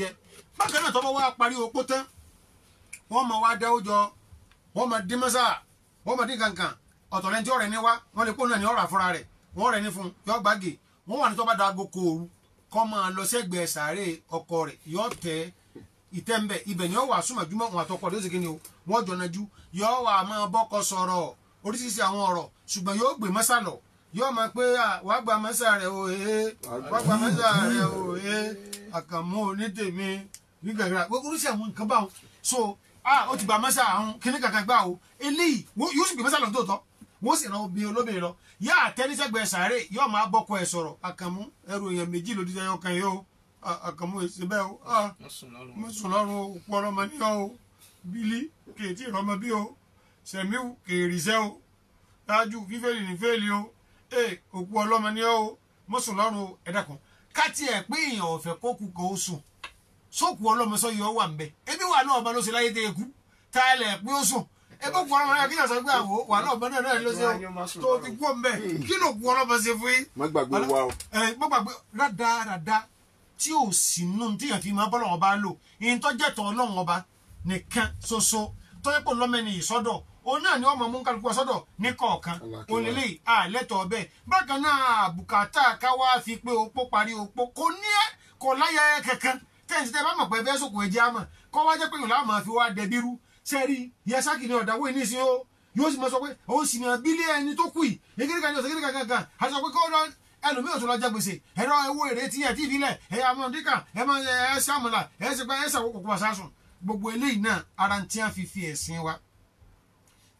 jẹ bákan náà tọ́wọ́ wá parí opó tán wọ́n máa wá dá ọjọ́ wọ́n máa dín mọ́sá wọ́n máa dín kankan ọ̀tọ̀ lẹ́ni tí ọ̀rẹ́ ní wá wọ́n lè náà ní ọ̀rọ̀ àfúrà rẹ̀ wọ́n rẹ̀ ní fún yọ gbági wọ́n wà ní tọ́ba da ago kòòrú kọ́ máa lọ sẹ́gbẹ̀ẹ́ sàárè ọkọ rẹ̀ yọ tẹ ìtẹ́ńbẹ̀ ibẹ̀ ni wọ́n wà yóò mọ̀ pé wàá gba mọ́sà rẹ̀ o ee wàá gba mọ́sà rẹ̀ o ee àkànmú onítèmi nígbàgbà oríṣi àwọn nǹkan báwọn so ó ti gba mọ́sà àwọn kíní kankan gbà o eléyìí yóò sì gbé mọ́sà lọ́dún tọ́ wọ́n sì ràn obìnrin olóbìnrin lọ yá àtẹnisẹ́gbẹ̀ẹ́ sàárè yóò máa bọ́kọ ẹ̀ sọ̀rọ̀ àkànmú ẹrù èèyàn méjì ló dídá yọkan yìí o àkànmú èsì bẹ́ẹ̀ o mo sùn lọ́rùn o pọ̀rọ̀ mọ́ ní o bílí kèétí ìrọmọ bí o ee eh, òkú ọlọ́mọ ni ó mọ́sùn lọ́rùn ẹ dákun ká tiẹ̀ pé èèyàn ọ̀fẹ́ kó kú kó sùn sókù ọlọ́mọ sọ yọ wà ń bẹ ebi wà náà ọba ló ṣe láyé dé ikú tá a lẹ̀ pé ó sùn ebe kú ọlọ́mọ náà kí yàtọ̀ gbé àwò wà náà ọba náà ló ṣe tó ti kú ọmọ bẹ kí ló kú ọlọ́mọ ṣe fún yín. má gbàgbé wa o. ẹ má gbàgbé rádaràda tí ò sí nù tíyàn fi máa bọ́lọ̀ ọba lò ìyẹn tó jẹ́ tọ́ ọlọ́run ọba nìkan ṣoṣo tó yẹ kó lọ́mọ ẹni ìsọ́dọ̀ òun náà ni wọ́n mọ̀ mú kálukú ọsọ́dọ̀ ní kọ̀ọ̀kan onílé àlẹ́tọ̀ ọbẹ̀ bákan náà bùkátà káwá fi pé opó parí opó kò ní ẹ kò láyà ẹ kankan tẹ́yìn tẹ́ bá mọ̀ pé ẹbẹ́ sòkò ẹ̀jẹ̀ àmọ̀ kọ́ wá jẹ́ pé yòó láàmú àfi wá dẹbi rú sẹ́rí yẹsákì ni ọ̀dàwó ìní sí o yóò sì mọ sọ pé òun sì mọ bílé ẹni tó kù yìí ekirika ni ọ̀sẹ̀kirika kankan àti ọ̀pẹ́ kọ́ ẹlòmíì ò tó lọ jẹ gbèsè ẹ̀rọ ewó èrè tí ẹ̀ tí ìfilẹ̀ ẹ̀yà amọ̀díkà ẹ̀ mọ̀ ẹ̀ ṣàmùlà ẹ̀ ṣẹ̀pẹ̀ ẹ̀ ṣàwọ́ kòkòrò àṣàṣùn gbogbo eléyìí náà ara ti à fi fi ẹ̀sìn wa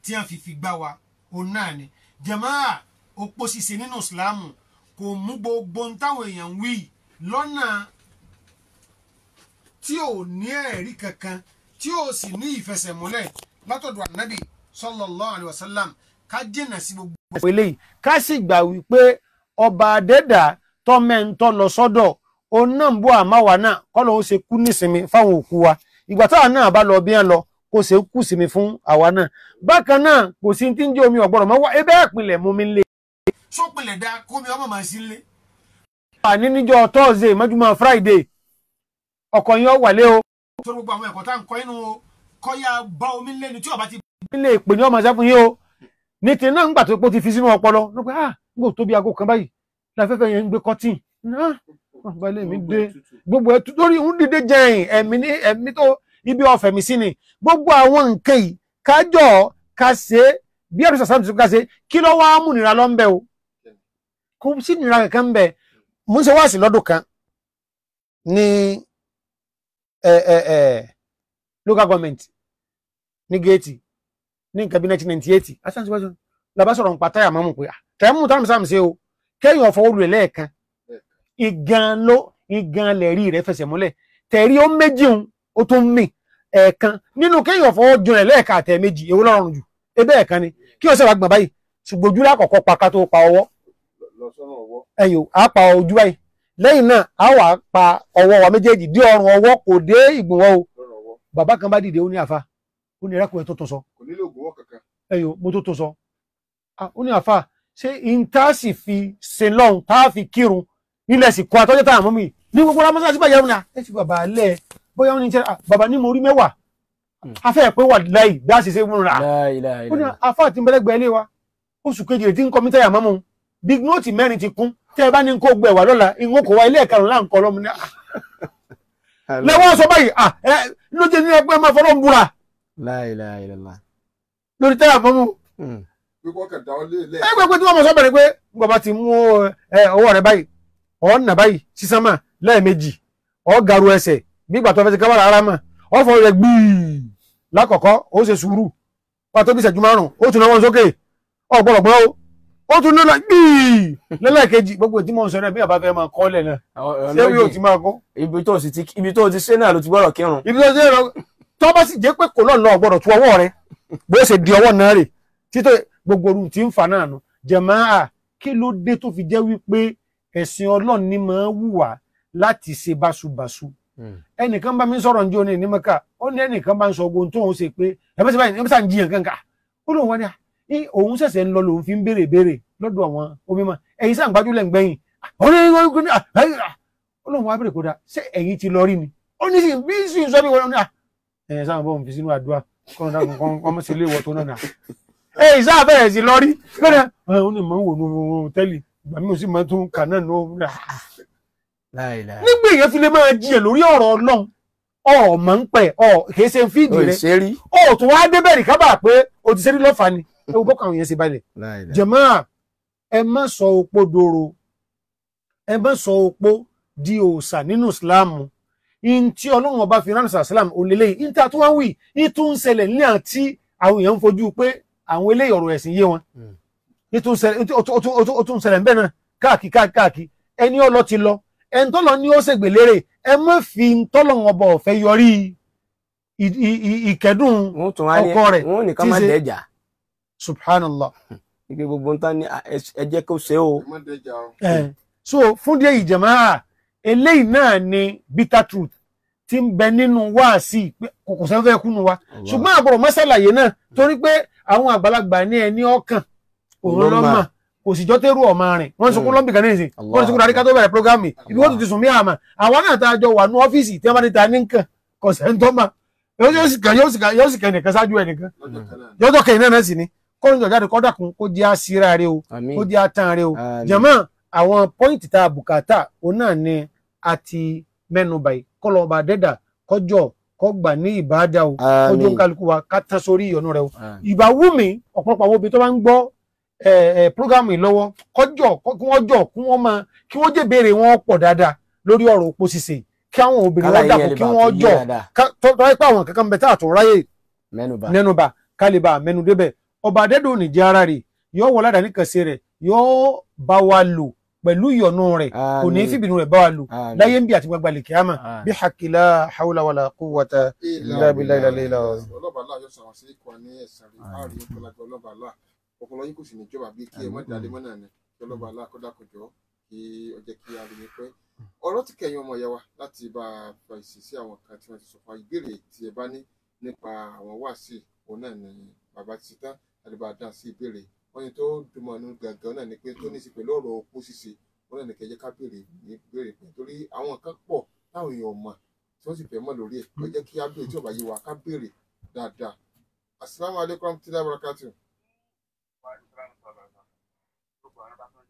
tí wọ́n fi fi gbá wa òun náà ni jàmáà opó ṣíṣe nínú ìsìláàmù kò mú gbogbo ohun táwọn èèyàn ń wí lọ́nà tí ò ní ẹ̀rí kankan tí ò sì ní ìfẹsẹ̀múlẹ̀ látọ̀dọ̀ ànábì sallallahu alaihi wasallam ká jìnà sí gbogbo. ọ̀pọ̀ eléyìí ká sì gbà wípé ọba adẹ́dà tọ́mẹ́ńtọ́ lọ sọ́dọ̀ òun náà ń bọ́ àmáwa náà kọ́ lóun ṣe kú nísinmi fáwọn òkú wa ìgbà táwa náà bá lọ bí wọn lọ kò ṣe kù sí mi fún àwa náà bákan náà kò sí ti ń jẹ́ omi ọ̀gbọ́rọ̀ mọ́ wá ebẹ́ ìpìlẹ̀ mú mi lé. só pilẹ̀ da kómi ọmọ màá sí lé. àní níjọ thursday mọ́júmọ́ friday ọkọ̀ yín wà lé o. sọ́dọ̀ gbogbo àwọn ẹ̀kọ́ tá à ń kọ́ inú kọ́yà bá omi lé ni tí ọba ti. ilé ìpè ní ọmọ ṣẹ́ fún yín o ní ti náà ń gbà tó pé ó ti fi sínú ọpọlọ ló pé ah gbò tóbi aago kan báyìí láfẹ́fẹ́ yẹn ń gbé cotton náà gbogbo ẹ̀ lórí ń dìde jẹ̀yìn ẹ̀mí tó ibi ọ̀fẹ̀mí sí ni gbogbo àwọn nǹkan yìí kájọ ká ṣe bí ẹ̀rọ sàṣà tó ká ṣe kí ló wá mú nira lọ ń bẹ o kò sí nira kankan ń bẹ mú ṣe wá sí lọ́dún kan ní local government ní géètì ní nǹkan bí 1998 aṣáájú làbá sọ̀rọ̀ ń pa táyà mọ́mù pé tẹ̀mú tàbí sàmì sí o kẹ́yìn ọ̀fọ̀ olùrẹ̀ lẹ́ẹ̀kan ìgan ló ìgan lẹ̀rí rẹ̀ fẹsẹ̀ múlẹ̀ tẹ̀rí ó méjì ó tún mì ẹ̀ẹ̀kan nínú kéèyàn fọwọ́ jọ ẹ̀ lẹ́ẹ̀ka àtẹ̀ méjì èwo lọ́rùn jù ebẹ́ ẹ̀kan ni kí o sẹ́wàá gbọ̀n báyìí ṣùgbọ́n ojú lákọ̀ọ́kọ́ pa ká tó pa ọwọ́ ẹ̀yìn á pa ojú báyìí lẹ́yìn náà á wà pa ọwọ́ wa méjèèjì dé ọrùn ọwọ́ kò dé ìgbìnwọ́ o bàbá kan bá dìde ó ní àfa ó ní ẹ̀rẹ́kùnrin tó tó sọ ẹ̀yìn mo tó tó sọ ó ní àfa ṣé intaasi fi ṣe lọ́hùn tá a fi kírun nílẹ̀ sì kọ́ àtọ́jọ́ tá àmọ́ mi ní gbogbo ramọ́sá sí bàjẹ́ òun ni à ẹ fi bàbá lẹ́ẹ̀ bóyá ó ní tẹ bàbá ní mo rí mẹ́wàá hmm. afẹ́ pé wà láì bí a ṣe ṣe mú ra ó ní afá àti mbẹ́lẹ́gbẹ́ ilé wa oṣù kejì rẹ̀ ti ń kọ́ mítà yàmọ́ mu big note mẹ́rin ti kún tẹ́ ẹ bá ní kó gbẹ̀ wá lọ́la ìwọ́n kò wá ilé ẹ̀karùn-ún láǹkọ́ lọ́mú ní. Ah. lẹ́wọ́n sọ báyìí ló jẹ́ nínú ẹgbẹ́ máa fọlọ́ ń lórí tẹ́lẹ̀ àmọ́ ẹgbẹ́ pé tí wọ́n mọ̀ sọ pé bàbá ti mú ọwọ́ rẹ̀ báyìí ọ̀ọ́nà báyìí sísánmà lẹ́ẹ̀mejì ọ̀ọ́gàrú ẹsẹ̀ gbígbà tó fẹ́ ti kábàrà ara mọ̀ ọ̀fọ̀ rẹ̀ gbìí lákọ̀ọ́kọ́ ó ṣe sùúrù pàtó bí ìṣẹ́jú márùn ó tún náwó sókè ọ̀gbọ̀lọ̀gbọ̀ ó ó tún náà gbìí lẹ́lẹ́kejì gbogbo ìdí mọ̀ ń sọ náà bí àbá fẹ́ máa kọ́lẹ̀ náà ṣé yóò ti máa kó. ibi tó ti ṣe náà ló ti gbọ́dọ̀ kírun. ibi tó ti ṣe náà tó bá sì jẹ́ pé kò lọ́ọ̀ lọ ọ̀gbọ̀dọ̀ tu ọwọ́ rẹ bó ṣe di ọwọ́ náà rè títọ́ gbogbo orun ti ń fa náà nu jẹ̀máà kí ló dé tó fi jẹ́ wípé ẹ̀sìn Ọlọ́run ni máa wùwà láti ṣe báṣubàṣu Hmm. ẹnìkan bá mi sọ̀rọ̀ njó ní ní mẹ́ka ó ní ẹnìkan bá ń sọ ogun tó ń ṣe pé ẹ̀mí sábà ẹ̀mí sábà ń jiyàn kankan ó lóun wá ní òun ṣẹ̀ṣẹ̀ ń lọ lòun fi ń béèrè béèrè lọ́dọ̀ àwọn omímọ̀ ẹ̀yin sáà ń gbájú lẹ̀ ń gbẹ̀yìn ah, ah, ah. ó lóun wá béèrè kódà ṣé ẹ̀yin ti lọ rí ni ó ní sìn bí sìn sọ bí wọn ní ẹ̀yin sáà ń bọ̀ fi sínú àdúrà kọ́ńtà kọ́ńtà ọmọ nígbà èèyàn fi lè máa jiyàn lórí ọ̀rọ̀ ọlọ́run ọ̀ọ́ mọ̀ ń pẹ̀ ọ̀ kìí ṣe fíìdì rẹ ọ̀ tó wá débẹ̀ rí kábà pé o ti ṣe rí lọ́fà ni ẹ wo bọ́kàn yẹn ṣe balẹ̀ jẹ̀mọ́ ẹ má sọ opó doro ẹ má sọ opó di òòṣà nínú ìsìláàmù in tí ọlọ́run ọba fi ránṣẹ́ àṣìláàmù òlélẹ́ yìí in tí a tún wá wì in tún ń ṣẹlẹ̀ ní àti àwọn èèyàn ń fojú pé àwọn eléyìí ọ̀rọ̀ ẹ̀sìn yé wọn hmm. in tún ń ṣẹlẹ̀ ń bẹ́ẹ̀ náà káàkiri káàkiri ẹni ọlọ́ ti lọ ẹn tọ́lọ̀ ní ó ṣègbè lérè ẹ má fi tọ́lọ̀ ọba ọ̀fẹ́ yọrí ìkẹ́dùn ọkọ rẹ̀ tí ṣe subhanallah. ike gbogbo ń tán ní ẹ kó ṣe o. so fún díẹ̀ ìjẹ̀mọ́ eléyìí náà ni bitter truth ti ń bẹ nínú wáàsí kòkò sẹ́fẹ́ kúnnu wa ṣùgbọ́n àbọ̀rọ̀ mọ́sálàyé náà torí pé àwọn àgbàlagbà ní ẹni ọkàn òun lọ́mọ kò sì jọ tẹ́rù ọ̀ma rìn wọ́n sunkún hmm. lọ́mbì kan nìyẹn wọ́n sunkún darí ká tó bẹ̀rẹ̀ programme ibi wọ́n ti sùn mí àmà àwọn náà tá a jọ wà ní ọ́fíìsì tí wọ́n bá ní ta ní nǹkan kò sẹ́ńtọ́mà yóò sì kẹ́ nìkan ṣáájú ẹ̀ nìkan yọ́tọ̀ kẹ́yìn náà sì ni kọ́rin jọ jáde kọ́dà kun kó jẹ́ àṣírà rẹ o kó jẹ́ àtàn rẹ o jẹ̀mọ́ àwọn pọ́ìntì tá a bùkátà òun náà ni programu yìí lọ́wọ́ kọjọ kí wọ́n jọ kí wọ́n máa kí wọ́n jèbèrè wọn pọ̀ dáadáa lórí ọ̀rọ̀ opó ṣíṣe kí àwọn obìnrin wọn dàpọ̀ kí wọ́n jọ tọ́ ẹ pé àwọn kankan bẹ tá a tún ráyè mẹ́nubà kálíbà mẹ́nudébẹ̀ ọba adẹ́dùn ní jẹ́ ara rẹ̀ yóò wọ ládàá níkànsí rẹ̀ yóò bá wa lò pẹ̀lú ìyọ̀nù rẹ̀ kò ní fìbínú rẹ̀ bá wa lò láyé ń bí àti gbagbalẹ̀ kíámà bí hakila hawla wala quwwata illa billahi ilà ilà. ọlọ́bàá sọ̀rọ̀ sí ikọ̀ ní ẹ̀sán rí ọpọlọ yín kò sì ní jọba bíi kí ẹ má dalẹ mọ náà ni kí ọlọba hmm. alákọdàkọjọ kí ọjẹ kí a rí ni ti kẹyìn ọmọ ìyá wa láti bá a fa èsì sí àwọn kan tí wọ́n ti sọ ìbéèrè tí ẹ bá ní nípa àwọn wáàsí òun náà ni bàbá ti tán láti bá a dá sí ìbéèrè wọn ni tó dùnmọ̀nù gàngàn náà ni pé tó ní sí pẹ̀lú ọ̀rọ̀ opó ṣíṣe wọn náà ni kẹjẹ ká béèrè ní béèrè pé torí àwọn kan pọ̀ táwọn èèyàn mọ̀ tí wọ́n sì fẹ́ mọ̀ lórí ẹ̀ ó kí á béèrè tí ò bá yé ká béèrè dáadáa asalaamualeykum tí dáa bọ̀rọ̀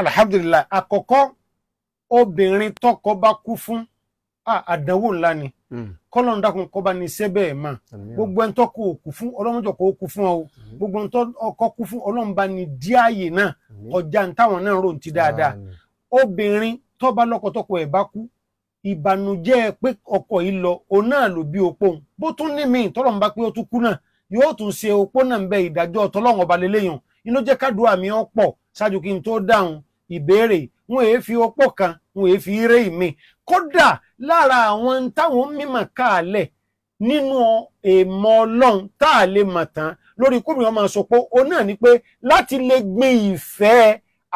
alhamdulillah àkọ́kọ́ obìnrin tọ́kọ bá kú fún àdánwò ńlá ni hmm. kọ́lọ́n dákun kọ́ bá ní iṣẹ́ bẹ́ẹ̀ mà gbogbo ẹni tọ́kọ òkú fún ọlọ́mọdé ọkọ òkú fún ọ gbogbo ẹni tọ́kọ kú fún ọlọ́mọba ní díàyè náà ọjà ń táwọn náà rò ti dáadáa obìnrin tó bá lọ́kọ tọ́kọ ẹ̀ bá kú ìbànújẹ́ pé ọkọ yìí lọ òun náà ló bí opó òun bó tún ní míì tọ́lọ́mù bá pé ó tún kú náà yóò tún ṣe opó náà ń bẹ ìdájọ́ tọ́lọ́run ṣáájú kí n tó dáhùn ìbéèrè wọn èé fi opó kan wọn èé fi eré mi kódà lára àwọn táwọn mímọ̀ káàlẹ̀ nínú èèmọ̀ Ọlọ́run tá a lè mọ̀ tán lórí kóbìnrin ọmọ àsopọ̀ òun náà ni pé láti lè gbin ìfẹ́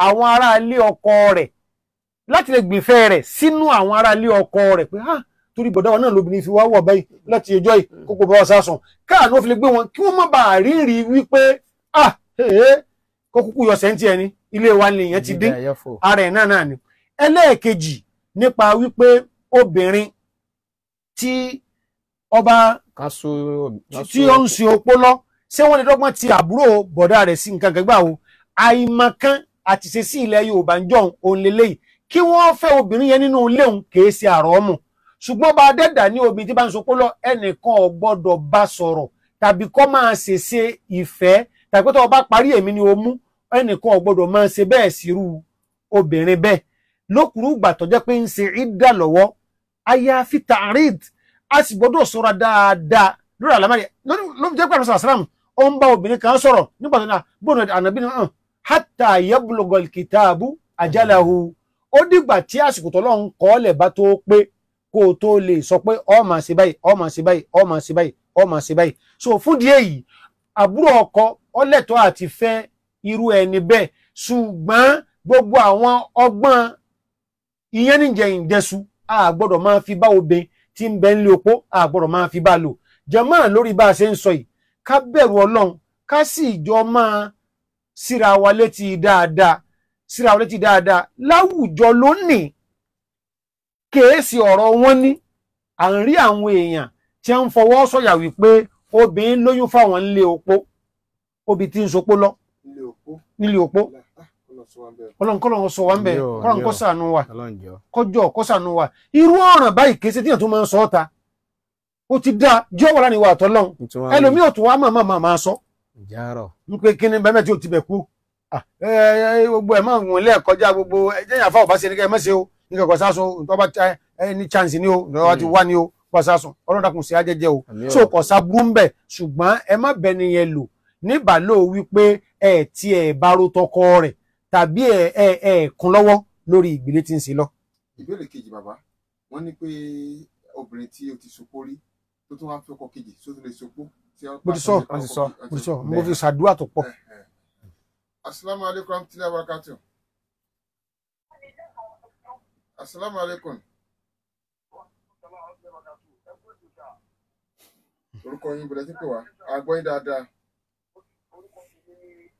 àwọn aráalé ọkọ rẹ̀ láti lè gbin ìfẹ́ rẹ̀ sínú àwọn aráalé ọkọ rẹ̀ pé ah torí bọ̀dá wọn náà lóbìnrin fi wá wọ̀ báyìí láti ẹjọ́ yìí kókó bá wọn sásùn káà ní wọ́n fi lè gbé wọn kí wọ́n má bàa rírì wípé ah eh, eh, kó kúkú yọ sẹ́ńtì ẹni ilé wa ni èèyàn ti dín ara ẹ̀ náà náà ni ẹlẹ́ẹ̀kejì nípa wípé obìnrin tí ọba tí ó ń sin opó lọ ṣé wọ́n lè dọ́gbọ́n ti àbúrò bọ̀dá rẹ̀ sí nǹkan gẹ́gbà o àìmọ̀kan àti ṣe sí ilẹ̀ Yorùbá ń jọun òun lélẹ́yìí kí wọ́n fẹ́ obìnrin yẹn nínú ilé òun kèé ṣe àrọ́mù ṣùgbọ́n bá dẹ́dà ní obìnrin tí bá ń sopó lọ ẹnìkan ò gbọ́dọ̀ bá sọ̀rọ̀ tàbí kó máa ṣèṣe ìfẹ́ tàbí pé tó o bá parí èmi ni o mú ẹnìkan ọ̀gbọ́dọ̀ ma ṣe bẹ́ẹ̀ siru obìnrin bẹ́ẹ̀ lókùrú ìgbà tó jẹ́ pé ń ṣe ìdá lọ́wọ́ àyàfi tààríd a sì gbọ́dọ̀ ṣọ́ra dáadáa lórí àlámárì ló obìnrin kan ní yablugal o sọ pé ó máa ṣe báyìí ó máa ṣe irú ẹni bẹ́ẹ̀ ṣùgbọ́n gbogbo àwọn ọgbọ́n ìyẹn níjẹ̀ ìjẹsù a gbọ́dọ̀ máa fi bá obìnrin tí ń bẹ nílé opó a gbọ́dọ̀ máa fi bá lò jẹ̀mọ́ lórí bá a ṣe ń sọ yìí ká bẹ̀rù ọlọ́run ká sì jọ máa síra wa létí dáadáa síra wa létí dáadáa láwùjọ lónìí kèésì ọ̀rọ̀ wọn ní à ń rí àwọn èèyàn tí ń fọwọ́ sọ̀yà wípé obìnrin lóyún fáwọn nílé opó obì tí ń sopó lọ nílé òpó ọlọ́nkọ́lọ́n ah, sọ wá ń bẹ̀ ọlọ́n kó sànú wa kọjọ́ kó sànú wa irú ọ̀ràn báyìí kése tíyàn tó máa ń sọ ọ́ta ó ti dá jọ́ wà láàrin ìwà àtọ́lọ́n ẹlòmí ò tún wá máa máa máa sọ ń pé kí ni ò ti bẹ̀ kú ah, gbogbo ẹ̀ máa wọ̀n lẹ́ẹ̀kọjá gbogbo ẹ̀jẹ̀ yàn fáwọn bá ṣe ní kẹ́ o ní kẹ́kọ̀ọ́ sáso ntọ́ba ní chance ni o ntọ́ba ti hmm. wá ni o kọ́ sáso ọlọ́run dàkún sí ajẹ́jẹ́ o so kọ̀ sá burú ń ṣùgbọ́n ẹ má bẹ ẹ tí ẹ bá ro tọkọ rẹ̀ tàbí ẹ ẹ ẹ kún lọ́wọ́ lórí ìgbélé tí ń ṣe lọ. ìbéèrè kejì bàbá wọn ní pé obìnrin tí o ti sopó rí tó tún wá ń fọkọ kejì tó tún lè sopó. mo ti sọ mo ti sọ mo ti sọ mo fi ṣàdúrà tó pọ̀. asalaamualeykum rahmatulahi wa barakatuh. asalaamualeykum. orúkọ yín bẹ̀rẹ̀ sí pé wá àgbọ̀yìn dáadáa.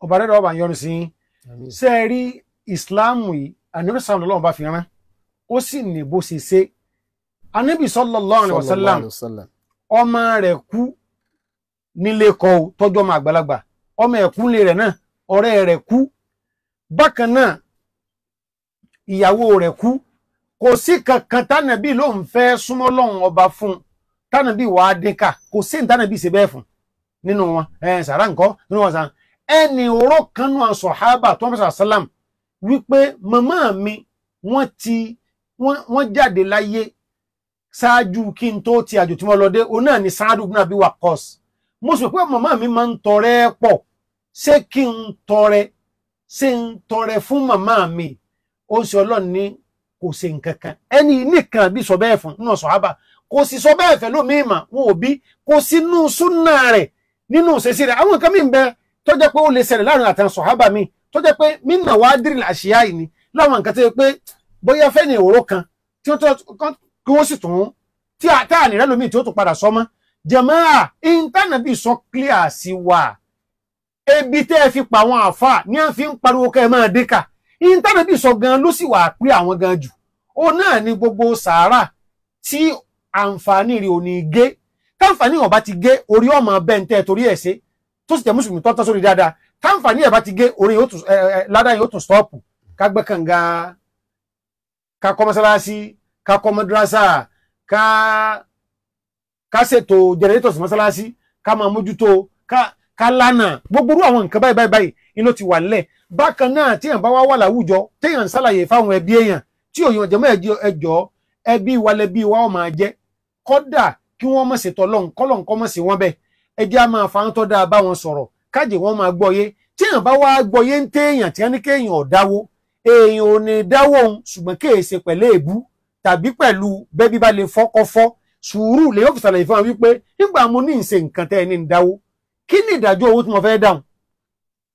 ọba rẹ̀ ọba yọnu sí ṣe é rí ìsìláàmù yìí àníbí sàmùlò lọ́wọ́ bá fi rán ó sì ní bó ṣe ṣe àníbí sallallahu alaihi wasallam ọmọ rẹ̀ kú nílé kọ́ tọ́jú ọmọ àgbàlagbà ọmọ ẹ̀kú rẹ̀ náà ọ̀rẹ́ rẹ̀ kú bákan náà ìyàwó rẹ̀ kú kò sí kankan tánàbí ló ń fẹ́ súnmọ́ lọ́hùn ọba fún tánàbí wàá dínkà kò sí tánàbí ṣe bẹ́ẹ̀ fún nínú wọn ẹ sàrà nǹkan nínú wọn sàn ẹni òró kanú àṣọhábà tó ń bá sàlám wípé màmá mi wọ́n ti wọ́n jáde láyé ṣáájú kí n tó ti àjò tí mo lọ dé òun náà ni sáádù ibn Abi Waqqas mo sọ pé màmá mi máa ń tọrẹ pọ̀ ṣé kí n tọrẹ ṣe ń tọrẹ fún màmá mi ó ń ṣe ọlọ́run ní kò ṣe nǹkan kan ẹni nìkan bí sọ bẹ́ẹ̀ fún náà sọ̀hábà kò sì sọ bẹ́ẹ̀ fẹ́ lómii mà wọn ò bí kò sínú súnà rẹ̀ nínú òṣèṣì rẹ̀ àwọn nǹkan mi ń bẹ tó jẹ́ pé ó lè ṣẹlẹ̀ láàrin àtàn sọ̀hábà mi tó jẹ́ pé mí nà wá dírìlì àṣìyá yìí ni láwọn nǹkan tó yẹ pé bóyá fẹ́ ní òró kan tí wọ́n kí wọ́n sì tún tí àtàní rẹ̀ lómii tí ó tún padà sọ mọ́ jẹ̀mọ́ à ìntànàbí sọ clear sí wa ebi tẹ́ ẹ fi pa àwọn àáfàá ní à ń fi ń pariwo kẹ́ ẹ máa dé kà íńtánẹ́ẹ̀tì sọ gan ló sì wà pé àwọn gan jù ó náà ni gbogbo sàárà tí àǹfààní rẹ̀ ò ní gé káǹfààní ọba ti gé orí ọmọ bẹ́ẹ̀ ń tẹ́ ẹ torí ẹ̀ ṣe tó sì jẹ́ mùsùlùmí tọ́tọ́ sórí dáadáa káǹfààní ẹ̀ bá ti gé orí ládà yóò tún stọ́ọ̀pù kágbẹ́ kànga kakọ́ mọ́sálásí ká ṣètò jẹnẹrétọ̀sì mọ́sálásí ká máa mójútó ká. Ka kálánà gbogbo irú àwọn nǹkan báyìí báyìí báyìí ni ló ti wà nílẹ̀ bákan náà téèyàn bá wá wà láwùjọ téèyàn ń ṣàlàyé fáwọn ẹbí èèyàn tí òyìn ọ̀jẹ̀mọ́ ẹjọ́ ẹbí wa lẹbí wa ó máa jẹ́ kọ́dà kí wọ́n mọ̀ sí tọ́lọ́n kọ́lọ́n kọ́ mọ̀ sí wọn bẹ́ẹ̀ ẹjẹ́ a máa fáwọn tó dáa bá wọn sọ̀rọ̀ kájè wọ́n máa gbọ́yé téèyàn bá wá gbọ́yé ń téèyàn tí wọ́n ní kéèyàn ọ̀dáwó èèyàn ò ní dáwọ́ òun ṣùgbọ́n kéèṣe pẹ̀lú èébú tàbí pẹ̀lú bẹ́bí bá lè fọ́kọ́fọ́ sùúrù lè yóò fi ṣàlàyé fún wa wípé nígbà mo ní ìṣe nǹkan tẹ́ ẹ ní ń dáwó kí ni ìdájọ́ owó tí mo fẹ́ dáhùn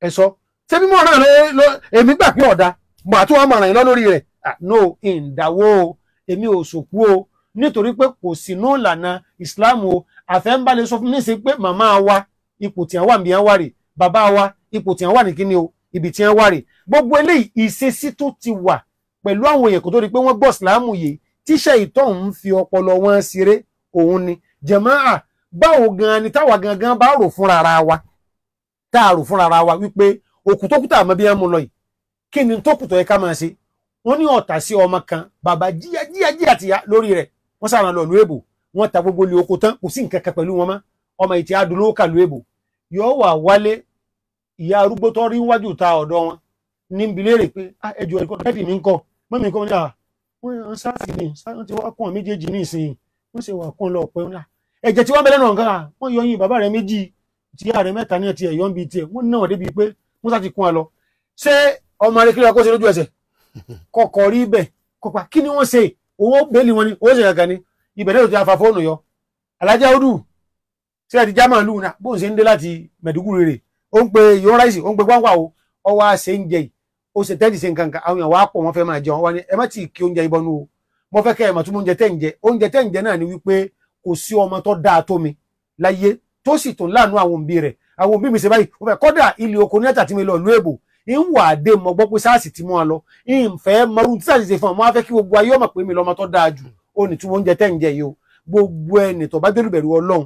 ẹ sọ ṣé bí mo ràn lọ èmi gbà pé ọ̀dà mo àti wọn mọ̀ràn iná lórí rẹ̀ ah, no ìdáwó o èmi ò sòkú o nítorí pé kò sínú ìlànà Islam o àfẹ́ńbalẹ̀ sọ fún mi sí pé màmá wa ipò tí wọ́n wà níbi wọ́n wà rè bàbá wa ipò tí wọ́n wà ní kíni o ibi tí wọ́n wà rè gbogbo eléyìí ìṣesí tó ti wà pẹ̀lú àwọn èèyàn kò tó di pé wọ́n gbọ́ Islam yìí tíṣẹ́ ìtọ́ ń fi ọpọlọ wọn ṣeré òun ni jẹ̀máà báwo gan ni táwa gangan bá rò fúnra ara wa tá a rò fúnra ara wa wípé òkú tó kú tá a mọ bí wọn mú lọ yìí kí ni tó kù tó yẹ ká máa ṣe wọn ní ọ̀tà sí ọmọ kan bàbá jíyà jíyà jíyà tìyà lórí rẹ̀ wọn sàràn lọ lóèbò wọn ta gbogbo ilé oko tán kò sí nǹkan kan pẹ̀lú wọn mọ́ ọmọ ìtì adúlówó kà yóò wà wálé ìyá arúgbó tó rí wájú ta ọ̀dọ̀ wọn ní n bilé rè pé ah, ẹjọ ẹkọ mi ń kọ mọ́ mi kọ́ wọn ní à wọ́n sáà sì ní sáà ti wá kún ọ méjèèjì ní ìsinyìí wọ́n sì wà kún lọ ọ̀pẹ́ ẹ̀jẹ̀ tí wọ́n bẹ̀rẹ̀ náà nǹkan wọ́n yọ yín bàbá rẹ̀ méjì tí ààrẹ mẹ́ta ní ti ẹ̀yọ́ ń bi tiẹ̀ wọ́n náà débi pé musa ti kún wa lọ ṣé ọmọ rẹ kílẹ̀ kó ṣe lójú ẹsẹ̀ kọkọ rí bẹ̀ kọpa kí ni wọ́n ṣe owó bẹ́ẹ̀lì wọn ni owó ṣe kankan ni ibẹ̀ náà ti afa fóònù yọ alájà odù ṣé àti german lù náà bóun ṣe ń dé láti mẹ̀dúgúrú rè ó ń pe yọ ráìsì ó ń pe gbáǹgbà o ọwọ́ àṣẹ ń jẹ yìí ni wípé kò sí ọmọ tó dáa tó mi láyé tó sì tún láàánú àwọn òbí rẹ̀ àwọn òbí mi ṣe báyìí ó fẹ́ kọ́dà ilé oko nílẹ̀ tàbí mi lọ ìlú èbò ń wà dé mọ gbọ́ pé sáàsì ti mú wa lọ ìfẹ́ mọrú tí sáàsì ṣe fún ọmọ afẹ́ kí gbogbo ayé ọmọ pé mi lọ́mọ tó dáa jù ó ní tí wọ́n ń jẹ tẹ́ yìí o gbogbo ẹni tó bá délùbẹ̀rù ọlọ́run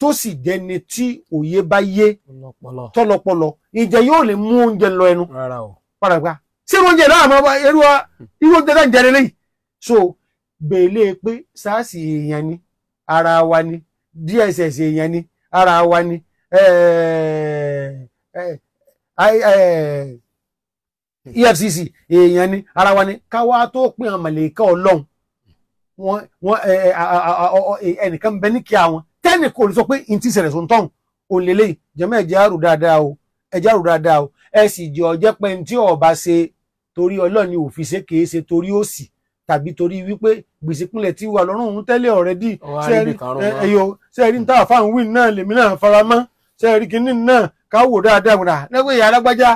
tó sì dẹni tí òye bá yé tọlọpọlọ ìjẹ yóò lè mú oúnjẹ lọ ẹnu paragba ṣé oúnjẹ náà máa irú oúnjẹ náà ń jẹ lélẹ́yìí so bèèlè pé sáàsì èèyàn ni ara wa ni DSS èèyàn ni ara wa ni EFCC eh, eh, eh, e èèyàn ni ara wa ni káwa tó pín àmàlẹ́kẹ́ ọlọ́run wọn ẹnìkan bẹ ní kíá wọn tẹ́nì kò lè sọ pé n ti ṣẹlẹ̀ sọ̀tọ̀ òun lélẹ́yìn jẹ́mọ́ ẹ̀jẹ̀ àrùn dáadáa o ẹ̀jẹ̀ àrùn dáadáa o ẹ̀ sì jẹ́ ọjẹ́ pé ní tí ọba ṣe torí ọlọ́ọ̀ni òfin kìí ṣe torí òsì tàbí torí wípé gbèsè kúnlẹ̀ tí wà lọ́rùn òun tẹ́lẹ̀ ọ̀rẹ́dì ṣe rí níta àfa àwọn wíìn náà lèmi náà fara mọ́ ṣe rí kinní náà ká dáadáa gbọdà lẹ́gbẹ̀ẹ́ ìyá alágbájá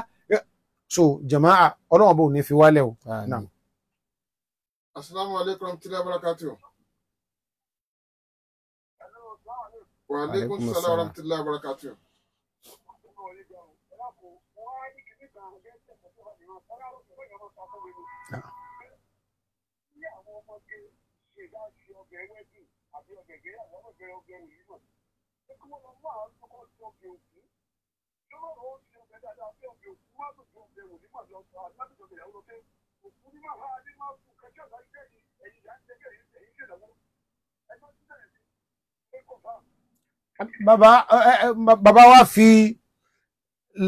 so jàmáà ọlọ́run bò ní fi wálẹ̀ o. asalaamu aleykum tí lábára kàtí o. wa aleykum salaam wa rahmatulahi wa barakatuh. Yeah ọmọge ṣe láti ọbẹ̀ wẹ́dì àbí ọbẹ̀ gẹ́yà lọ́wọ́ bẹ̀rẹ̀ ọbẹ̀ òyìn náà. ṣé kí wọ́n lọ mú àwọn tó kọ́ sí ọbẹ̀ òkú? ṣé wọ́n lọ́wọ́ sí ọbẹ̀ dáadáa sí ọbẹ̀ òkú má tó ju ọbẹ̀ òní mà lọ sọ àti ọbẹ̀ ìyàwó lọ́pẹ́ òkú ní màá máa dé máa fún kẹjọ́ láti jẹ́ ẹ̀yìn ìyá ń jẹ́ ẹ̀yìn ìṣèlú ẹgbẹ́ tí sẹ́yìn sí ẹ̀kọ́ bá bàbá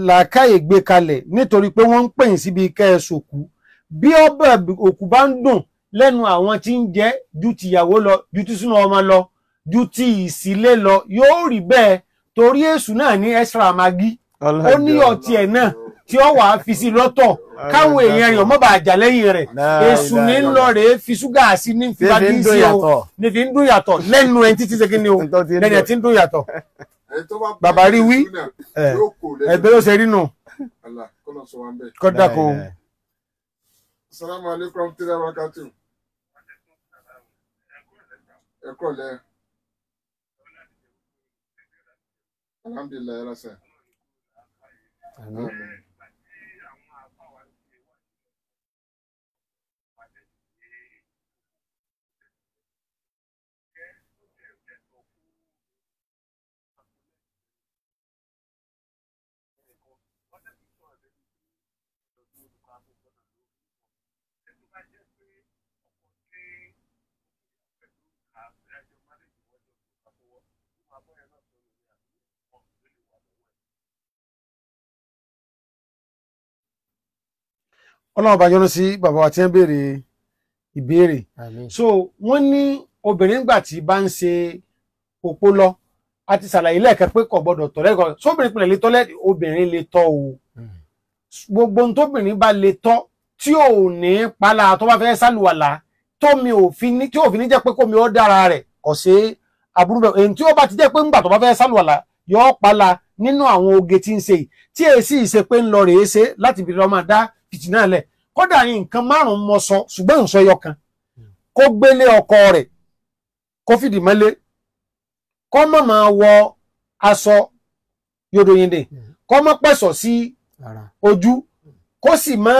làákàyè gbé kalẹ̀ nítorí pé wọ́n ń pèyìn síbi kẹ́ẹ̀sòkú bí ọbẹ̀ òkú bá ń dùn lẹ́nu àwọn tí ń jẹ́ ju tìyàwó lọ ju tí súnà ọmọ lọ ju ti ìsílé lọ yóò rí bẹ́ẹ̀ torí èṣù náà ní extra magi ó ní ọtí ẹ̀ náà tí ó wàá fi sí lọ́tọ̀ káwọn èèyàn rẹ̀ ọmọ bá jà lẹ́yìn rẹ̀ èṣù ní ń lọ rèé fi ṣúgà sí ní fi sí o ní fi ń dún yàtọ̀ lẹ́nu ẹ̀ títí ṣe kí ni o lẹ́nu ẹ̀ tí ń dún yàtọ̀. bàbá rí wí ẹgbẹ́ ló ṣe rí nù kọ́dà kan. Assalamu alaikum warahmatullahi wabarakatuh ẹ kúrọ̀lẹ́ alhamdulilayi rasa. Amen. Amen. ọlọ́run bá yọ́nú sí bàbá wa tí ń béèrè ìbéèrè so wọ́n ní obìnrin gbà tí bá ń ṣe òpó lọ a ti ṣàlàyé lẹ́ẹ̀kan pé kò gbọ́dọ̀ tọ̀ lẹ́ẹ̀kan sóbìnrin pinnu lè tọ́ lẹ́ẹ̀kan obìnrin lè tọ́ o hmm. gbogbo ohun tóbìnrin bá lè tọ́ tí ò ní pálá tó bá fẹ́ sálùwàlà tómi ò fi ní tí ò fi ní jẹ́ pé kómi ó dára rẹ̀ kò sí aburú bẹ́ẹ̀ èyí tí ó bá ti jẹ́ pé ńgbà tó bá fẹ́ sálùwàlà yọ pálá nínú àwọn oge tí ń ṣe yìí tí èsì ìṣe pé ń lọ rèé ṣe láti ibi lọ́ọ́ dá fìtínà lẹ̀ kódà ní nǹkan márùn-ún mọ sọ ṣùgbọ́n ń sọ ẹyọ kan hmm. kó gbélé ọkọ rẹ̀ kó fìdí mọ́lé kó mọ̀ máa wọ aṣọ yodoyinde hmm. kó mọ̀ pẹ̀sọ̀ sí ojú kó sì mọ́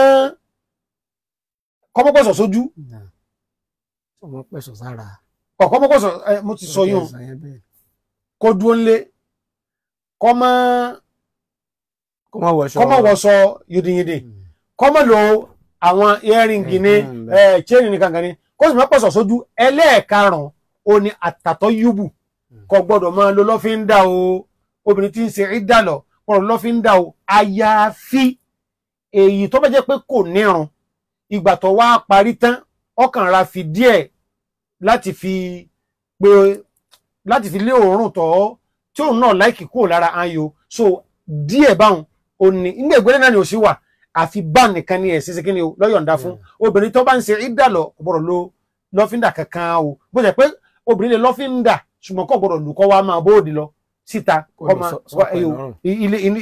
kó mọ̀ pẹ̀sọ̀ sójú. kó mọ̀ pẹ̀sọ̀ sára. kó mọ̀ pẹ̀sọ̀ mo ti sọ yóò kó dúró ńlé kó mọ̀ wọṣọ yodoyinde. Mm kọ́mọ̀ lo àwọn earring ní chain ni kankan ní kó sì máa pọ̀sọ̀ sójú ẹlẹ́ẹ̀karùn-ún ó ní àtàtọ́ yúbù hmm. kò gbọ́dọ̀ máa lo lọ́fíńdà o obìnrin tí ń ṣe ìdà lọ kọ́rọ̀ lọ́fíńdà o àyàfi èyí tó bá jẹ́ pé kò nírun ìgbà tó wá parí tán ọkàn ra fi díẹ̀ láti fi pé láti fi lé òórùn tọ́ tí òun náà láìkì kúrò lára ayo so díẹ̀ báwọn ò ní ilé ìgbélé náà ni ò sí wà àfi ban nìkan ni ẹ̀sìn síkíní o lọ́yọ̀ǹda fún obìnrin tó bá ń ṣe ìdà lọ gbọ́dọ̀ lo lọ́fíńdà kankan o bó jẹ́ pé obìnrin lè lọ́fíńdà ṣùgbọ́n kò gbọ́dọ̀ lù kọ́ wa máa bóòdì lọ síta ọmọ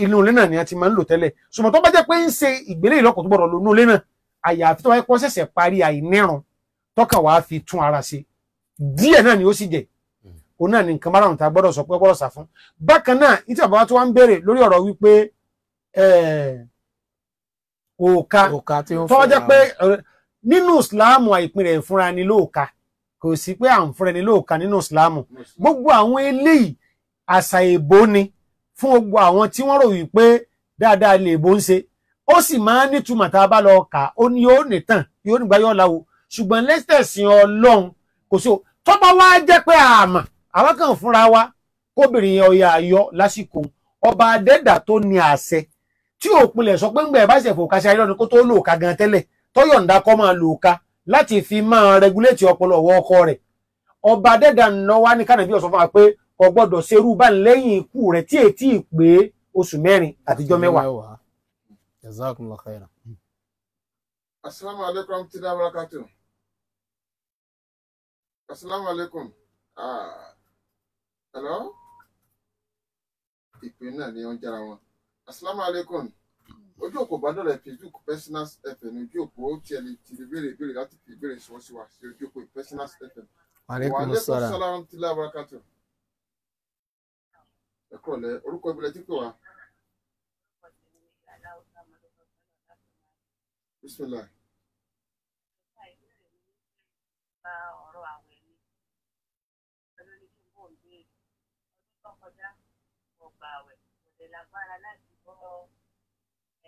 inú ilé náà ni a ti máa ń lò tẹ́lẹ̀ ṣùgbọ́n tó bá jẹ́ pé ń ṣe ìgbélé ìlọ́kọ̀ tó gbọ́dọ̀ lo inú ilé náà àyàfi tó bá kọ́ ṣẹ̀ṣẹ̀ parí àìnírun tọ́kàn wàá fi tún ara ṣe díẹ̀ náà ni ó sì jẹ hmm. òun náà ni nǹkan márùn-ún tá gbọ́dọ̀ sọ pé gbọ́dọ̀ sà fún bákan náà ní tí bàbá tó wá ń béèrè lórí ọ̀rọ̀ wípé ẹ̀ẹ́ eh, òòka tó jẹ́ pé nínú ìsìláàmù àìpín rẹ̀ fúnra ni lóòka kò sí pé à ń fúnra ni lóòka nínú ìsìláàmù gbogbo àwọn eléyìí àṣà èbó ni fún gbogbo àwọn tí wọ́n rò wípé dáadáa lè bó ń ṣe ó sì máa ń nítumọ̀ tá a bá lọ kà ó ní yóò nìtàn yóò nígbà yóò láwo ṣùgbọ́n lẹ́sẹ̀sìn ọlọ́run kò sí o tó bá wá jẹ́ pé àmà àwọn kan fúnra wa kóbìnrin ọ̀yà àyọ lásìkò ọba adẹ́dà tó ní àṣẹ tí òpinlẹ̀ sọ pé ń gbẹ̀ bá ṣe fò kàṣẹ ayélujára kó tó lò ká gan tẹ́lẹ̀ tọ́yọ̀ǹda kọ́ máa lò ká láti fi máa rẹguléètì ọpọlọ ọwọ́ ọkọ rẹ̀ ọba dẹ́dà ná wá ní fún wa pé kò gbọ́dọ̀ ṣerú bá ikú rẹ̀ tí ètí asalaamu aleykum ojú òpó bàdọ̀rẹ̀ facebook personal fm ojú òpó tiẹ̀ lè ti lè béèrè ìbéèrè láti fi ìbéèrè sọ sí wa sí ojú òpó personal fm. wàlẹ́kùn sọ́ra wàlẹ́kùn sọ́ra wàkàtò. ẹ kúrọ̀lẹ́ orúkọ ìbílẹ̀ tí pè wá. bisimilayi. ọgbà àwẹ̀ kò lè lágbára láti bọ́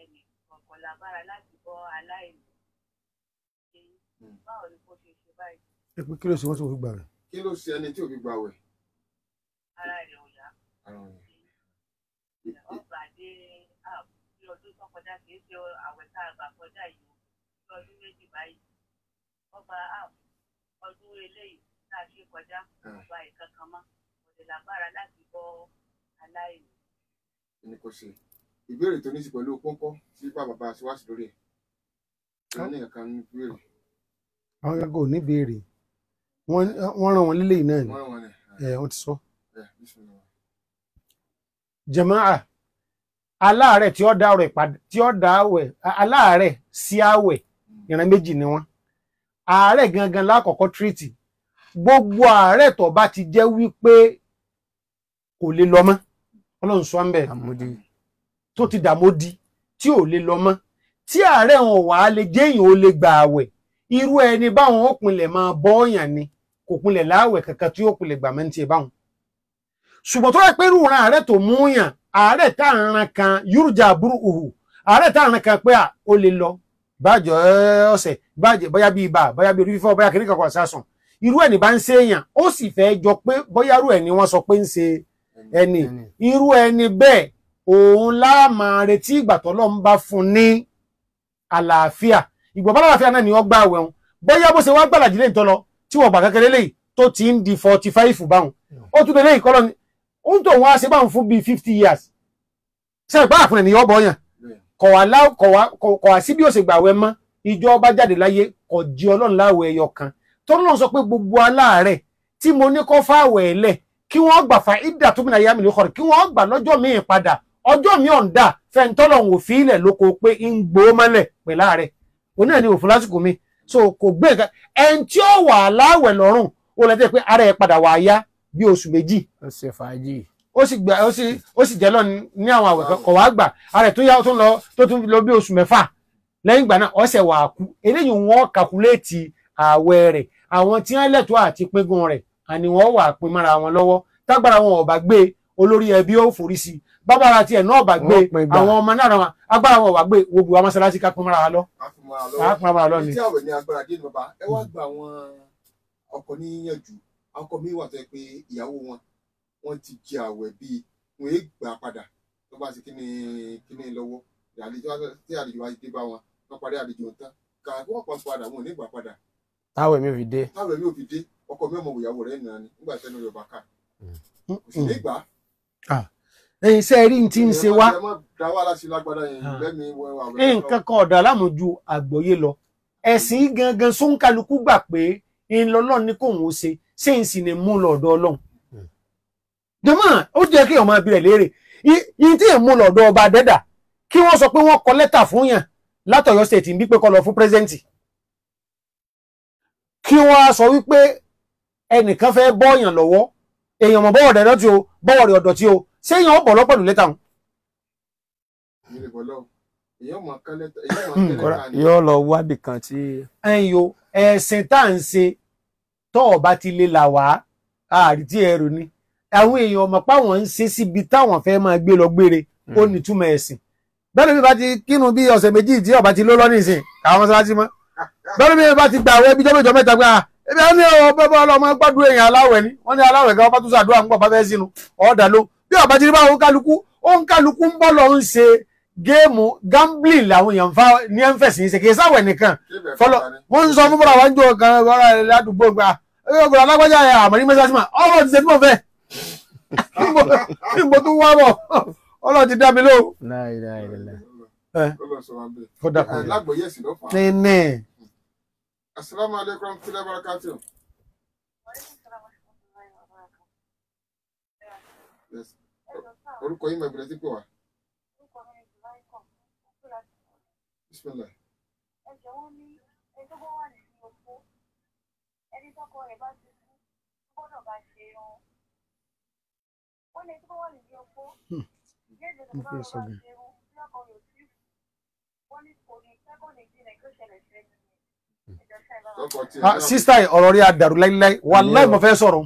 ẹnì kọ̀ọ̀kan lágbára láti bọ́ aláìní ṣe hmm. báwo ni kò ṣe ṣe ẹ pé kí ló ṣe wọ́n tó fi gbà rẹ̀. kí ló ṣe ẹni tí ò gbà wẹ̀. ara rẹ̀ ò yá. ọgbà dé ọdún tó kọjá kì í ṣe àwẹ̀ tá a gbà kọjá yìí lọ́dún méjì báyìí ọba ọdún eléyìí tá a ṣe kọjá ọba ah. ìkankan mọ́ kò láti bọ́ aláìní. ẹni kò ṣe ìbéèrè tó ní sí pẹ̀lú pọ́ńkọ́ tí bàbá bá ṣe wá sí lórí ẹ̀ ní ẹ̀ka ní ìbéèrè. àwọn akẹ́kọ̀ọ́ ò ní béèrè wọ́n ràn wọ́n lílé yìí náà ni ẹ̀ wọ́n ti sọ. jàmáà aláàárẹ̀ tí ó dá ọ̀rẹ́ tí ó dá àwẹ̀ aláàárẹ̀ sí àwẹ̀ ìran méjì ni wọ́n àárẹ̀ gangan lákọ̀ọ́kọ́ tírìtì gbogbo àárẹ̀ tó bá ti jẹ́ wípé kò lè lọ mọ́ ọlọ́run sọ ń bẹ̀. àmúdí tó ti dàmódì tí ò lè lọ mọ́ tí àárẹ̀ wọn wà á lè jẹ́yìn ó lè gba àwẹ̀ irú ẹni báwọn ó pinlẹ̀ máa bọ́ọ̀yàn ni kò pinlẹ̀ láwẹ̀ kankan tí ó pinlẹ̀ gbàmẹ́ntì báwọn ṣùgbọ́n tó rẹ̀ pé irú ran àárẹ̀ tó mú yàn àárẹ̀ tá à ń ran kan yúrùjà àbúrò òhù àárẹ̀ tá à ń ran kan pé à ó lè lọ bájọ ọ̀sẹ̀ bájọ bóyá bíi ibà bóyá bíi orí bóyá kìnnìkan kan sásùn irú ẹni bá ń ṣe èèyàn ó sì fẹ́ jọ pé bóyá irú ẹni wọ́n sọ pé ń ṣe ẹni irú ẹni bẹ́ẹ̀ òun láàmà retí ìgbà tọ́lọ́ ń bá fún ní àlàáfíà ìgbọ̀bá àlàáfíà náà ni wọ́n gbà wẹ̀hún bóyá bó ṣe wá gbàlàjì lè tọ́lọ tí wọ́n gbà kékeré lè tó ti ń di forty five báwọn ó tún lè kọ́lọ́ ni ó ń tó wọn á ṣe báwọn fún bíi fifty years ṣe ìgbà àfúnẹ̀ ni ọ̀bọ̀ yàn kọ̀ wá sí bí ó ṣe gbà wẹ̀ mọ́ ìjọ ọba jáde láyé kọ̀ jí ọlọ́run láwẹ̀ ẹyọ kan tọ́lọ́ sọ pé gbogbo aláàárẹ̀ tí mo ní kọ́ ọjọ́ mi ọ̀ǹda fẹ́ntọ́lọ̀ ń fi ilẹ̀ lóko pé ń gbowó mọ́lẹ̀ pẹ̀lá rẹ̀ òun náà ni òfin lásìkò mi so kò gbé nǹkan ẹn tí ó wà láwẹ̀ lọ́rùn ó lẹ́tẹ̀ pé ara ẹ̀ padà wà á yá bí oṣù méjì. ó ṣe fàájì. ó sì gbà ó sì ó sì jẹ́ lọ ní àwọn àwẹ̀ kọ̀ wá gbà ara ẹ̀ tó yá tó ń lọ tó tún lọ bí oṣù mẹ́fà lẹ́yìn ìgbà náà ọ̀sẹ̀ wà á kú eléyìí wọn kàkúléètì àwẹ̀ rẹ̀ àwọn tí wọ́n lẹ̀tọ́ àti píngun rẹ̀ àní wọ́n wà á pin mọ́ra wọn lọ́wọ́ tágbára wọn ò bá gbé olórí ẹbí ó forí sí i bábára tiẹ̀ náà bá gbé àwọn ọmọ náà ràn wá agbára wọn wà gbé gbogbo wa mọ́sálásí ká pín mọ́ra lọ. ká pín mọ́ra lọ ni. tí àwẹ̀ ní agbára dé bàbá ẹ wá gba àwọn ọkọ níyànjú ọkọ mi wà tó yẹ pé ìyàwó wọn wọn ti jẹ àwẹ̀ bíi wọn èé gbà padà tó bá ti kíni kíni lọ́wọ́ àlejò tí àlejò wa dé bá wọn wọn parí àlejò tán kà wọn pa padà wọn ò ní gbà padà. táwẹ̀ mi ò fi dé. táwẹ̀ mi ò fi dé ọkọ ọmọ ìyàwó rẹ̀ nà ni nígbà tẹ́lẹ̀ rẹ̀ kà ẹ̀yin sẹ́ rí ti ń ṣe wá nǹkan ah. kan ọ̀dà lámùjú àgbọ́yé lọ ẹ̀sìn gangan sóńkálukú gbà pé ńlọlọ́ ní kò wọ́n ṣe ṣé ń sì ní mú lọ́dọ̀ ọlọ́run. Hmm. jọmọ ó jẹ́ kí ọmọ abirẹ léèrè yìí tí ẹ mú lọ́dọ̀ ọba dẹdà kí wọ́n sọ pé wọ́n kọ lẹ́tà fún yàn látọ̀yọ́ state ń bí pé kó lọ fún pírẹsẹǹtì kí wọ́n á sọ wípé ẹnìkan fẹ́ bọ́ yàn lọ́wọ́ èèyàn mọ̀ bọ́wọ̀ dẹ̀ dọ́tí o bọ́wọ̀ rẹ̀ ọ̀dọ̀tí o ṣé èèyàn bọ̀ lọ́pẹ̀lú lẹ́tà wọn. Hmm, yóò lọ wábì kan tí. ẹyọ ẹsìn tá à ń ṣe tọ́ ọba ti lè là wá àrítí ẹrù ni àwọn èèyàn ọmọ páwọn ń ṣe síbi táwọn fẹ́ máa gbé lọ gbére ó hmm. nítumọ̀ ẹ̀sìn bẹ́ẹ̀ ni bí bá ti kírun bí ọ̀sẹ̀ méjì tí ọba ti ló lọ́nà ìsìn káwọn mọ́sálásí mọ́ bẹ́ẹ̀ ni bí bá ti gbà àwọn ẹbí jọ́mẹ́jọ mẹ́ta gbà ebi ah, á ní ọ̀rọ̀ bẹ́ẹ̀ bá ọlọ́mọ gbádùn èèyàn aláwẹ̀ ni wọ́n ní aláwẹ̀ gan bá tún sàdúrà ń pọ̀ bá fẹ́ sínú ọ̀ọ́dà ló bí ọba ti rí báwọn kálukú ó ń kálukú ń bọ́ lọ ń ṣe géèmù gambling làwọn èèyàn fa ní ẹ̀ ń fẹ̀sìn ṣe kì í sáwẹ̀ nìkan fọlọ wọn ń sọ fún bọ́lá wájú ọ̀kan ọ̀rọ̀ ẹ̀ ládùúgbò gba ọ̀gbọ̀n alágbájá ẹ̀ àmọ́ ní mẹ́sàásì máa ọ̀rọ̀ ti ṣe bí mo fẹ́ kí n bọ́ tún wá bọ̀ ọ̀rọ̀ ti dá mi lóhùn. ọlọ́sọ̀rọ̀ àbẹ̀ alágbèyẹ̀sì lọ́fà. asalaamualeykum tilẹ̀ barakatu. orúkọ yìí mẹ̀gbẹ̀rẹ̀ sí pé wà. orúkọ mi ni july com ọkọ láti sọ. bisimilayi. ẹ jọ̀wọ́ ní ẹjọ́ bó wà nínú oko ẹni tọkọ rẹ̀ bá ti kú gbọ́dọ̀ bá ṣe irun ó lè tó wà nínú oko ilé hmm. ìgbésẹ̀ bá wà bá ṣe irun tí ọkọ rẹ̀ ti wọ́n ní kò ní sẹ́kọ̀ọ́ nìjí nàìjíríà ṣẹlẹ̀ hmm. ṣẹlẹ̀ ah, sísá ọ̀rọ̀ rí adarú láíláí wàláì mo fẹ́ sọ̀rọ̀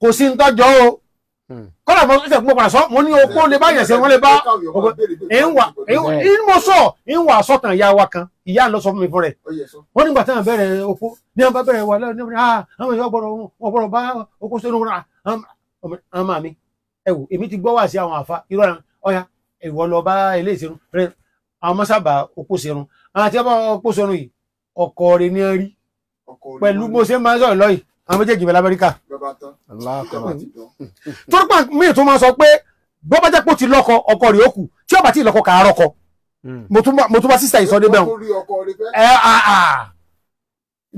kò sí ń o kọ́lá mo ṣe mo padà sọ mo ní okó lè bá yẹ̀sẹ̀ wọ́n lè bá ìwà sọ ìwà sọ̀tàn ìyá wa kan ìyá ń lọ sọ fún mi fún rẹ̀ wọ́n nígbà tí wọ́n bẹ̀rẹ̀ okó ní wọ́n bá bẹ̀rẹ̀ wà lẹ́yìn ní ah, àwọn ìyá ọgbọ̀rọ̀ ọgbọ̀rọ̀ bá okó sínú rà án máa mi ẹ wò èmi ti gbọ́ wá sí àwọn àfa irọ́ ẹran ọ̀ya ìwọ lọ bá ilé ìṣerun rẹ àwọn mọ́sábà okó serun àti ọba okó serun yìí ọkọ̀ rẹ̀ ní rí pẹ̀lú bó ṣe máa ń sọ̀rọ̀ lọ́yìn àwọn méjèèjì bẹ̀ l'Amẹ́ríkà bá tán. torí pé míì tó máa sọ pé bó bá jẹ́ pé ó ti lọ́kọ ọkọ rẹ̀ ó kù tí ó bá ti lọ́kọ kàárọ̀ kọ hmm. mo tún bá sísè ìsọdé bẹ́ẹ̀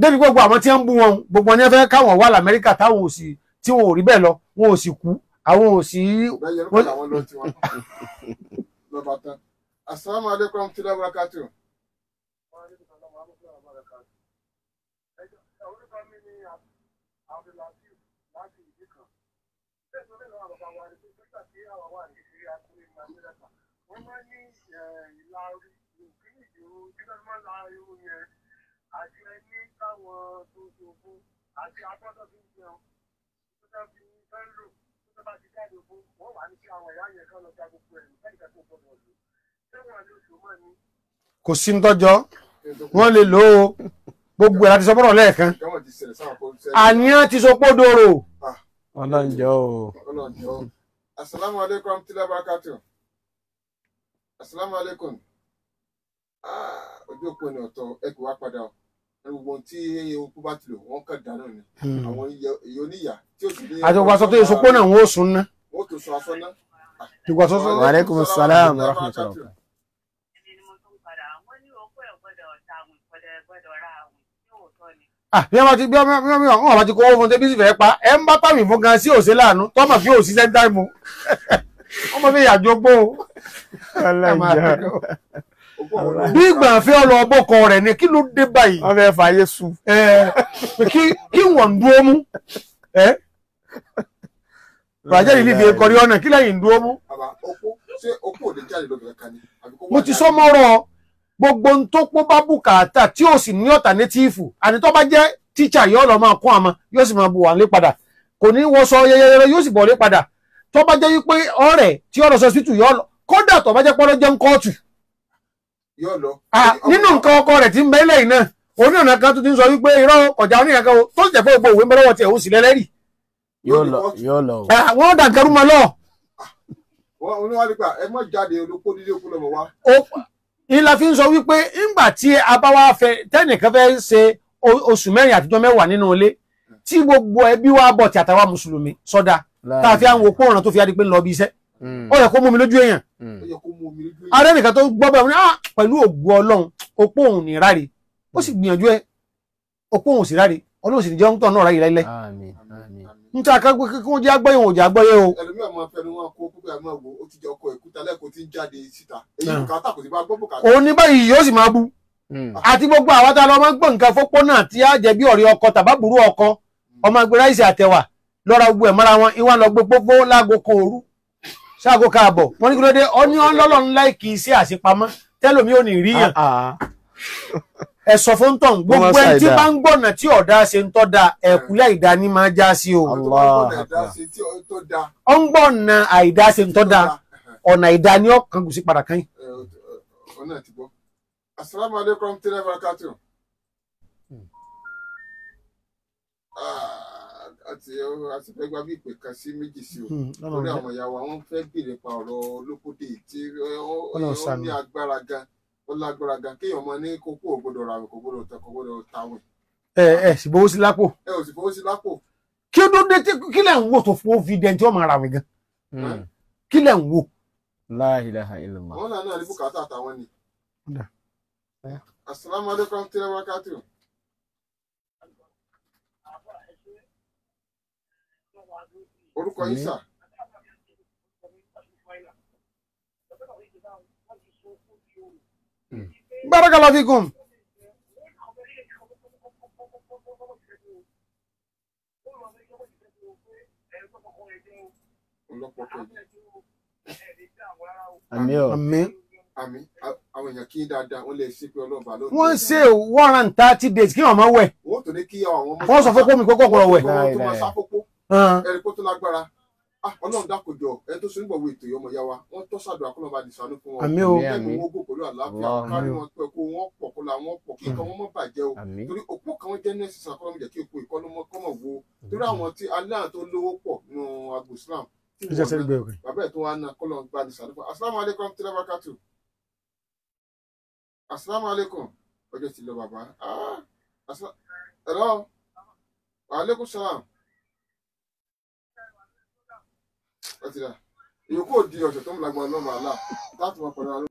débi gbogbo àwọn tí ń bú wọn gbogbo wọn ní fẹ́ káwọn wà lamẹ́ríkà táwọn ò sì tí wọn ò rí bẹ́ẹ̀ lọ wọn ò sì kú àwọn ò sì. asalaamualeykum tí wọ́n kàtó. máa ń ní ìlà orí òbí ìdúró kí ló máa ń la irun yẹn àti ẹni táwọn tó ṣòfò àti agbọ́dọ̀ fi ń jẹun tó tẹ́ fi fẹ́ lò tó tẹ́ bá ti jáde fún wọ́n wà ní kí àwọn ẹ̀yà yẹn kán lọ ja gbogbo ẹ̀rù fẹ́ ìfẹ́ tó gbọdọ̀ lò ṣé wọ́n lè lò mọ́ ni. kò sí ń wọ́n lè lò ó gbogbo ẹ̀ láti sọ bọ́rọ̀ lẹ́ẹ̀kan àníyàn ti so pódòrò. ọlọ́njọ́ o. ọlọ́njọ́ o. asalaamualeykum tí asalaamu aleykum ah, ojú òpó ni ọ̀tọ̀ ẹ kò wá padà gbogbo tí epo bá ti lò wọ́n kàn dáná ni hmm. àwọn èyí oníyà tí ó sì ní. àti ògbà sọ pé èso pọ́nà wọn ò sùn ná. wọn ò tó sun aṣọ náà. ìgbà tó sọ. wàlẹ́kùn sàlám rahmatulah. bí wọ́n bá ti bí wọ́n bá ti kó owó fún tẹ́bí sì fẹ́ pa ẹ̀ ń bá tàwìn fún gan sí òsè láàánú tọ́mọ̀ fi òsì sẹ́ńtà mu. ọmọ mi yàjọ bó bí ìgbà fẹ́ ọ lọ ọbọ̀kọ rẹ̀ ni kí ló dé báyìí. wọ́n fẹ́ fa ayé sùn. kí wọ́n ń dúró mú. bàjẹ́ yìí níbi ìkọrí ọ̀nà kí lẹ́yìn ń dúró mú. mo ti sọ mọ́rọ̀ gbogbo ń tó pọ́ bá bùkátà tí ó sì ní ọ̀tànétífù àti tó bá jẹ́ tíṣà yóò lọ máa kún àmọ́ yóò sì máa bù wà lé padà kò ní wọ́n sọ yẹyẹyẹ yóò sì bọ̀ lé padà tó bá jẹ́ wípé ọ̀rẹ́ tí ọ̀rọ̀ sọ sítù yọ lọ kódà tó bá jẹ́ pọ́lọ́ jẹun kóòtù. nínú nǹkan ọkọ rẹ̀ tí ń bẹ́lẹ̀ yìí náà onírànà kan tó ti ń sọ wípé irọ́ ọjà onírànà kan tó sì jẹ́ fún gbogbo òwe mẹ́rọ́wọ́ tiẹ̀ ó sì lẹ́lẹ́rì. yóò lọ. wọ́n dà nkẹ́rù mọ́ lọ. ìlà fi ń sọ wípé ńgbà tí abáwá fẹ tẹ́nìkan fẹ́ ṣe oṣù mẹ́rin àtijọ́ mẹ́wàá nínú ilé tí gbogbo ẹbí wa bọ̀ tí àtàwa mùsùlùmí sọ́dà. So tá a fi àwọn òpó ọ̀ràn tó fi adé pé ń lọ bí iṣẹ́ hmm. ó yẹ kó mú mi lójú èèyàn hmm. ààrẹ nìkan tó gbọ́ bẹ́ẹ̀ ní ah, pẹ̀lú ògùn ọlọ́run òpó òun ní ráre ó sì gbìyànjú ẹ òpó òun sì ráre ọlọ́run sì ní jẹ́ ń tàn náà ráyè láìlẹ́ n ta kan pé kí wọ́n jẹ́ agbọ́yẹ̀ òun ò jẹ́ agbọ́yẹ̀ o. ẹlòmíràn máa fẹnu wọn kó púpọ̀ àmọ́ òwò ó ti jẹ ọkọ̀ ìkúta lẹ́kọ̀ọ́ tí ń jáde síta èyí nǹkan àtàkù ti bá gbọ́ bùkátà. òun ní báyìí yóò sì máa bu hmm. àti gbogbo àwọn tá a lọ máa ń gbọ́ nǹkan fọ́pọ́ náà tí á jẹ bí ọ̀rẹ́ ọkọ tàbábùrú lọ́ra gbogbo ẹ̀ wọn ìwà lọ gbé pópó láago kan òru ṣáàgó káàbọ̀ wọ́n ní kí ló dé láìkì sí àṣepamọ́ tẹ́lòmí ò ní rí yàn ah, ah. ẹ fún tán gbogbo ẹ tí bá ń gbọ̀nà tí ọ̀dà ṣe ń tọ́ da ẹ̀kúlẹ̀ àìdá máa já sí o ọ ń gbọ̀nà àìdá ṣe ń tọ́ da ọ̀nà àìdá ọkàn gùn sí padà kan yìí. Hmm. Ah àti àti fẹ́ gba bí ìpè kan sí méjì sí o hmm, lórí àwọn ìyàwó àwọn fẹ́ bèrè pa ọ̀rọ̀ olókòdè tí ó ní agbára gan ó lágbára gan kéèyàn mọ ní kókó ò gbọ́dọ̀ ràwìn kò gbọ́dọ̀ tẹ kò gbọ́dọ̀ táwìn. ẹ ẹ sì fowó sí lápò. ẹ ò sì fowó sí lápò. kí ló dé tí kí lẹ̀ ń wò tó fowó fi dẹni tí ó máa ràwìn gan hmm. kí lẹ̀ ń wò. la ilaha illallah. wọn náà ní bùkátà àtàwọn ni. asalaamualeykum tí wọn bá ká tó. orúkọ yín sà. bárakàlá fi kùn. àmì ọ àmì àmì àwọn èèyàn kí dáadáa wọn lè ṣe pé Ọlọ́run bá wọ́n ṣe one and thirty days kí wọ́n máa wẹ̀. wọ́n tò ní kí àwọn ọmọ. wọ́n sọ fún kómi kókó kọ̀ọ̀rọ̀ wẹ̀. wọ́n Ah. ẹni kó tó lágbára ah, ọlọ́run dákòjọ ẹni tó sún bọ̀wé ètò ìyọmọ ìyá wa wọ́n tọ́ sàdùn àkọlọ́ba àdìsánú fún wọn àmín o ẹnu wọn gbò pẹ̀lú àlàáfíà kárí wọn pẹ̀ kó wọn pọ̀ kó la wọn pọ̀ kí hmm. nǹkan wọn mọ̀ bàjẹ́ o torí òpó kan wọn jẹ́ nẹ́ẹ̀sì sàn kọ́lọ́mù jẹ́ kí òpó ìkọ́lọ́ mọ́ kọ́mọ̀ wo hmm. torí àwọn tí alẹ́ àti olówó pọ̀ nù agbo Islam bàbá ẹ̀ tó wà ná kọ́lọ́mù gba àdìsánú fún asalaamu alaykum tí lọ́ba kàtó asalaamu alaykum ọjọ́ ti lọ bàbá ẹ̀rọ ah, wa aleykum salaam. èyí kò di ọ̀sẹ̀ tó ń lagbọn lọ́mọ àlá láti máa pẹ̀lú